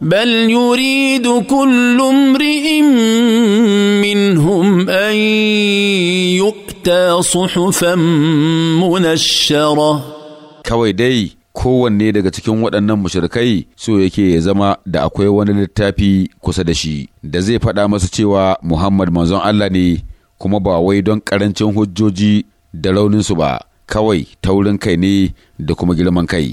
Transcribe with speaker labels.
Speaker 1: بل يريد كل امرئ منهم
Speaker 2: ان يؤتى صحفا منشره kawai dai kowanne daga cikin waɗannan mushrikai so yake ya zama da akwai wani littafi kusa da shi da zai faɗa masa cewa muhammad manzon allah ne kuma ba wai don ƙarancin hujjoji da rauninsu ba kawai taurin
Speaker 3: kai ne da kuma girman kai